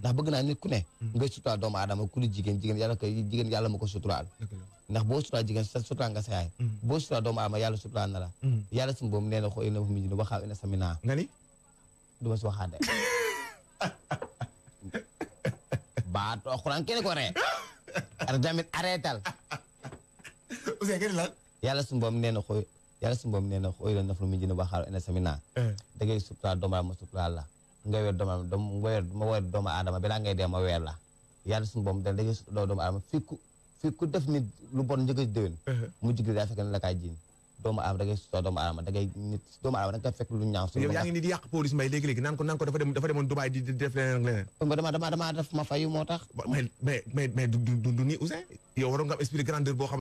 ndax bëgg naa nit hmm. nga suturaal doomu aadama ku di jigéen jigéen yàlla ma ko suturaal ndax boo suturaal jigéen suturaal nga sa yaay hmm. boo suturaal doomu aadama yàlla suturaal na la hmm. yàlla suñu boobu nee na xoo ina mi ko ree tamit na naf lu mi jine ina sami naa da suturaal doomu aadama suturaal la nga weer doomu aadama nga weer ma weer doomu aadama balaa ngay dee ma weer la yàlla suñu boom da léegi doo doomu aadama fii ku fii ku def nit lu bon njëkk a déwén uh-huh. mu jigli daa fekk ne la kaa jiin doomu aadama da ngay sutoo doomu aadama da ngay nit doomu aadama da nga fekk lu ñaaw yow yaa ngi ni di yàq police mbay léegi léegi naan ko naan ko dafa dem dafa demoon Dubaay di def leneen ak leneen dama dama dama def ma fayu moo tax mais mais mais du du ni Ouzin yow waroon nga am esprit grandeur boo xam